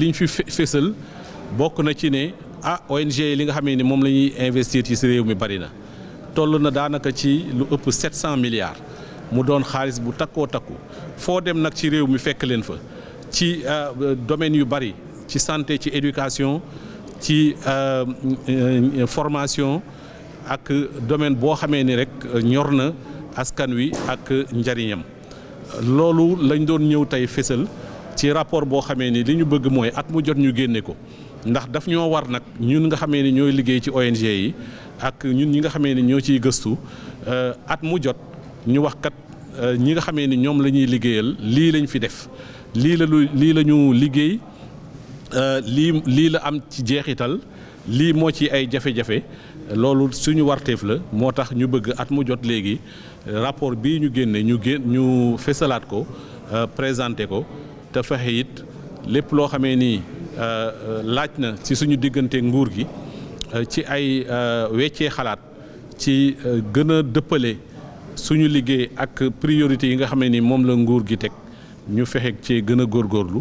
liñ ñu fi fésal bokk na ci ne ah ONG li nga xamee ni moom la ñuy investir ci si réew mi bari na toll na daanaka ci lu ëpp 700 milliards mu doon xaalis bu takkoo takku foo dem nag ci réew mi fekk leen fa ci euh, domaine yu bari ci santé ci éducation ci euh, euh, formation ak domaine boo xamee ni rek ñor na. askan wi ak njariñam loolu lañ doon ñëw tey fésal ci rapport boo xamee ni li ñu bëgg mooy at mu jot ñu génne ko ndax daf ñoo war nag ñun nga xamee ni ñooy liggéey ci ONG yi ak ñun ñi nga xamee ni ñoo ciy gëstu euh, at mu jot ñu waxkat kat euh, ñi nga xamee ni ñoom la ñuy liggéeyal lii lañ fi def lii la lu lii la liggéey Euh, lii lii la am ci jeexital lii moo ci ay jafe-jafe loolu suñu warteef la moo tax ñu bëgg at mu jot léegi rapport bii ñu génne ñu génn ñu fesalaat ko euh, présenté ko te fexe it lépp loo xamee ni euh, laaj na ci suñu diggante nguur gi ci ay weccee xalaat ci gën a dëppale suñu liggéey ak priorité yi nga xamee ni moom la nguur gi teg ñu fexe cee gën a góorlu